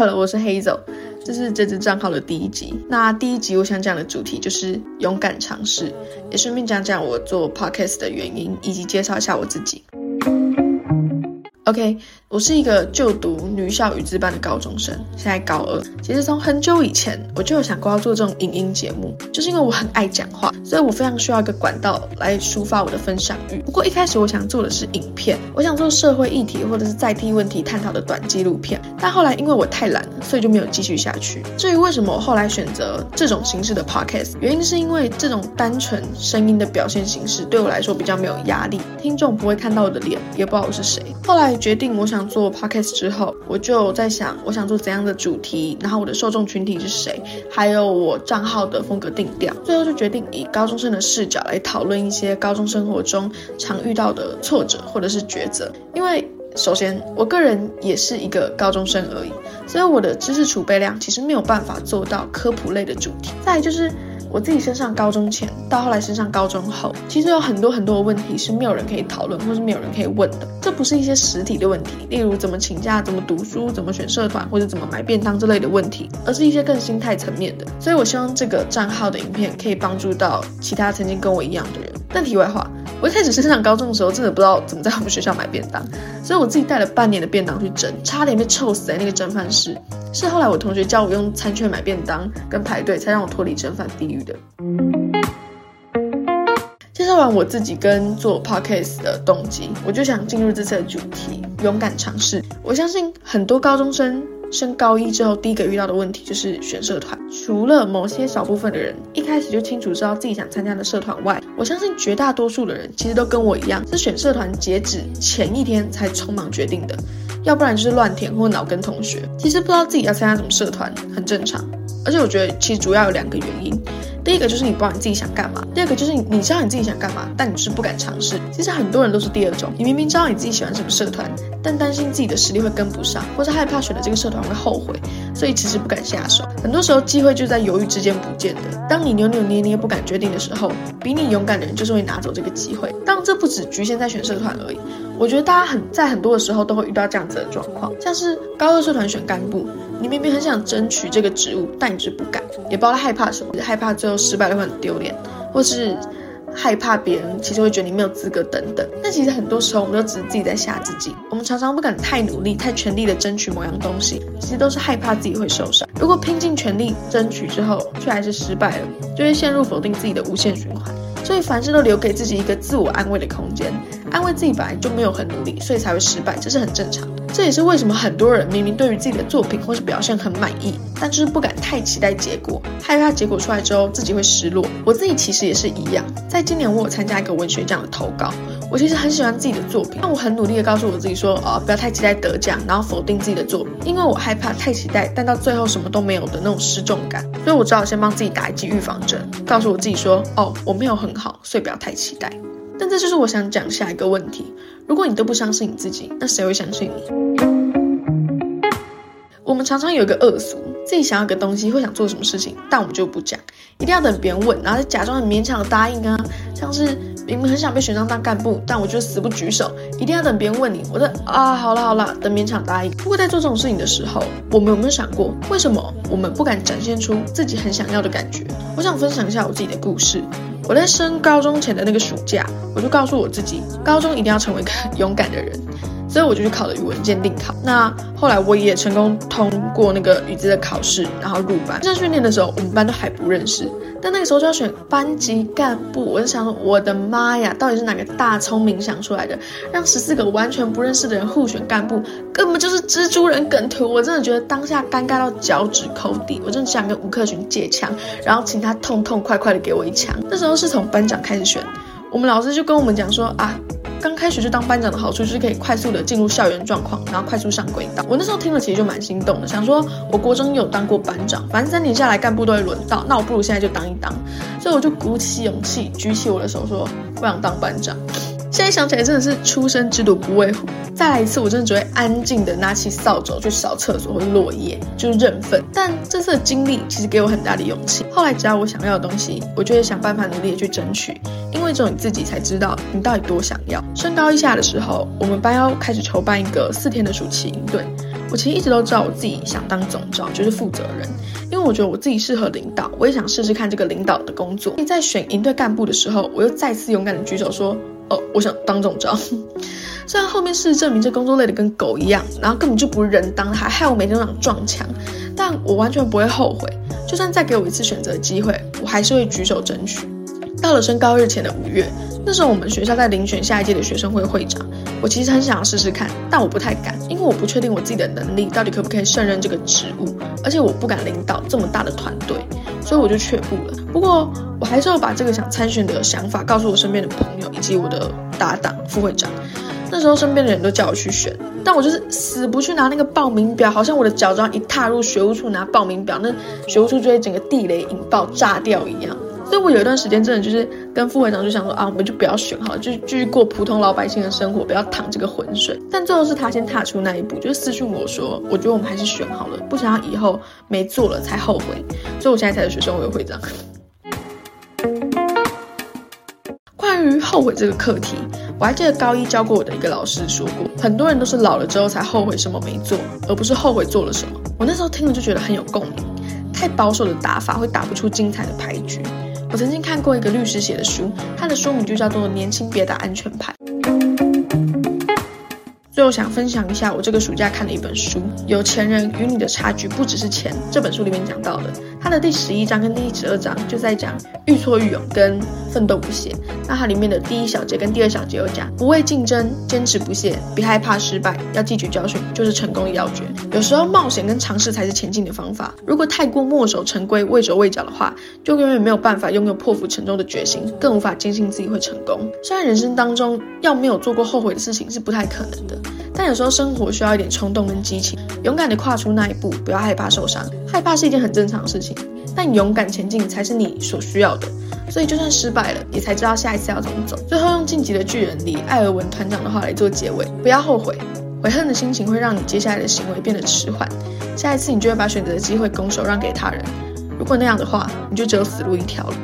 Hello，我是 Hazel，這是這支賬號的第一集。那第一集我想講的主題就是勇敢嘗試，也順便講講我做 podcast 的原因，以及介紹一下我自己。OK。我是一個就讀女校語資班的高中生，現在高二。其實從很久以前我就有想過要做這種影音節目，就是因為我很愛講話，所以我非常需要一個管道來抒發我的分享欲。不過一開始我想做的是影片，我想做社會議題或者是在地問題探討的短紀錄片，但後來因為我太懶了，所以就沒有繼續下去。至於為什麼我後來選擇這種形式的 podcast，原因是因為這種單純聲音的表現形式對我來說比較沒有壓力，聽眾不會看到我的臉，也不知道我是誰。後來決定我想。做 podcast 之後，我就在想，我想做怎樣的主題，然後我的受眾群體是誰，還有我賬號的風格定調，最後就決定以高中生的視角來討論一些高中生活中常遇到的挫折或者是抉擇，因為。首先，我個人也是一個高中生而已，所以我的知識儲備量其實沒有辦法做到科普類的主題。再來就是我自己升上高中前到後來升上高中後，其實有很多很多的問題是沒有人可以討論，或是沒有人可以問的。這不是一些實體的問題，例如怎麼請假、怎麼讀書、怎麼選社團或者怎麼買便當之類的問題，而是一些更心態層面的。所以我希望這個賬號的影片可以幫助到其他曾經跟我一樣的人。但題外話。我一開始升上高中的時候，真的不知道怎麼在我們學校買便當，所以我自己帶了半年的便當去蒸，差點被臭死在那個蒸飯室。是後來我同學叫我用餐券買便當跟排隊，才讓我脫離蒸飯地獄的。介紹完我自己跟做 podcast 的動機，我就想進入這次的主題——勇敢嘗試。我相信很多高中生，升高一之後，第一個遇到的問題就是選社團。除了某些少部分的人一開始就清楚知道自己想參加的社團外，我相信絕大多數的人其實都跟我一樣，是選社團截止前一天才匆忙決定的，要不然就是亂填或腦跟同學。其實不知道自己要參加什麼社團很正常，而且我覺得其實主要有兩個原因：第一個就是你不知道你自己想幹嘛；第二個就是你知道你自己想幹嘛，但你是不敢嘗試。其實很多人都是第二種，你明明知道你自己喜歡什麼社團。但擔心自己的實力會跟不上，或是害怕選的這個社團會後悔，所以遲遲不敢下手。很多時候機會就在猶豫之間不見的。當你扭扭捏捏，捏不敢決定的時候，比你勇敢的人就是會拿走這個機會。但這不只局限在選社團而已。我覺得大家很在很多的時候都會遇到這樣子的狀況，像是高二社團選幹部，你明明很想爭取這個職務，但你就是不敢，也不知道他害怕什麼，是害怕最後失敗了會很丟臉，或是。害怕別人，其實會覺得你沒有資格等等。但其實很多時候，我們都只是自己在嚇自己。我們常常不敢太努力、太全力地爭取某樣東西，其實都是害怕自己會受傷。如果拼盡全力爭取之後，卻還是失敗了，就會陷入否定自己的無限循環。所以凡事都留給自己一個自我安慰的空間。安慰自己本來就沒有很努力，所以才會失敗，這是很正常的。這也是為什麼很多人明明對於自己的作品或是表現很滿意，但就是不敢太期待結果，害怕結果出來之後自己會失落。我自己其實也是一樣，在今年我有參加一個文學獎的投稿，我其實很喜歡自己的作品，但我很努力地告訴我自己說，哦，不要太期待得獎，然後否定自己的作品，因為我害怕太期待，但到最後什麼都沒有的那種失重感。所以我只好先幫自己打一劑預防針，告訴我自己說，哦，我沒有很好，所以不要太期待。但這就是我想講下一個問題，如果你都不相信你自己，那誰會相信你？我們常常有一個惡俗，自己想要個東西，或想做什麼事情，但我們就不講，一定要等別人問，然後再假裝很勉強的答應啊。像是明明很想被選上當幹部，但我就死不舉手，一定要等別人問你，我說啊，好了好了，等勉強答應。不過在做這種事情的時候，我們有沒有想過，為什麼我們不敢展現出自己很想要的感覺？我想分享一下我自己的故事。我在升高中前的那個暑假，我就告訴我自己，高中一定要成為一個勇敢的人。所以我就去考了語文鑑定考。那後來我也成功通過那個語資的考試，然後入班。正訓練的時候，我們班都還不認識。但那個時候就要選班級幹部，我就想說，我的媽呀，到底是哪個大聰明想出來的，讓十四個完全不認識的人互選幹部，根本就是蜘蛛人梗圖。我真的覺得當下尷尬到腳趾摳地，我真的想跟吳克群借槍，然後請他痛痛快快的給我一槍。那時候是從班長開始選，我們老師就跟我們講說啊。剛開始就當班長的好處就是可以快速的進入校園狀況，然後快速上軌道。我那時候聽了其實就蠻心動的，想說我國中也有當過班長，反正三年下來幹部都會輪到，那我不如現在就當一當。所以我就鼓起勇氣，舉起我的手說：“我想當班長。”現在想起來真的是初生之犢不畏虎，再來一次，我真的只會安靜的拿起掃帚去掃廁所或者落葉，就是認份。但這次的經歷其實給我很大的勇氣。後來只要我想要的東西，我就會想辦法努力去爭取，因為只有你自己才知道你到底多想要。升高一下的時候，我們班要開始籌辦一個四天的暑期營隊。我其實一直都知道我自己想當總召，就是負責人，因為我覺得我自己適合領導，我也想試試看這個領導的工作。在選營隊幹部的時候，我又再次勇敢的舉手說。哦，我想當總召，雖然後面事實證明這工作累得跟狗一樣，然後根本就不是人當，還害我每天都想撞牆，但我完全不會後悔。就算再給我一次選擇機會，我還是會舉手爭取。到了升高日前的五月，那時候我們學校在遴選下一屆的學生會會長，我其實很想要試試看，但我不太敢，因為我不確定我自己的能力到底可不可以勝任這個職務，而且我不敢領導這麼大的團隊。所以我就卻步了。不過我還是要把這個想參選的想法告訴我身邊的朋友以及我的搭檔副會長。那時候身邊的人都叫我去選，但我就是死不去拿那個報名表，好像我的腳掌一踏入學務處拿報名表，那學務處就會整個地雷引爆炸掉一樣。所以我有一段時間真的就是。跟副會長就想說啊，我們就不要選好了，就繼續過普通老百姓的生活，不要淌這個渾水。但最後是他先踏出那一步，就私訊我說，我覺得我們還是選好了，不想要以後沒做了才後悔。所以我現在才是學生會會長。關於後悔這個課題，我還記得高一教過我的一個老師說過，很多人都是老了之後才後悔什麼沒做，而不是後悔做了什麼。我那時候聽了就覺得很有共鳴。太保守的打法會打不出精彩的牌局。我曾經看過一個律師寫的書，他的書名就叫做《年輕別打安全牌》。就想分享一下我這個暑假看的一本書《有錢人與你的差距不只是錢》這本書裡面講到的，他的第十一章跟第十二章就在講愈挫愈勇跟奮鬥不懈。那，它裡面的第一小節跟第二小節又講不畏競爭，堅持不懈，別害怕失敗，要吸取教訓就是成功的要訣。有時候冒險跟嘗試才是前進的方法。如果太過墨守成規，畏手畏腳的話，就永遠沒有辦法擁有破釜沉舟的決心，更無法堅信自己會成功。雖然人生當中，要沒有做過後悔的事情是不太可能的。但有時候生活需要一點衝動跟激情，勇敢地跨出那一步，不要害怕受傷。害怕是一件很正常的事情，但勇敢前進才是你所需要的。所以就算失敗了，也才知道下一次要怎麼走。最後用《進擊的巨人》裡艾爾文團長的話來做結尾：不要後悔，悔恨的心情會讓你接下來的行為變得遲緩，下一次你就會把選擇的機會拱手讓給他人。如果那樣的話，你就只有死路一條了。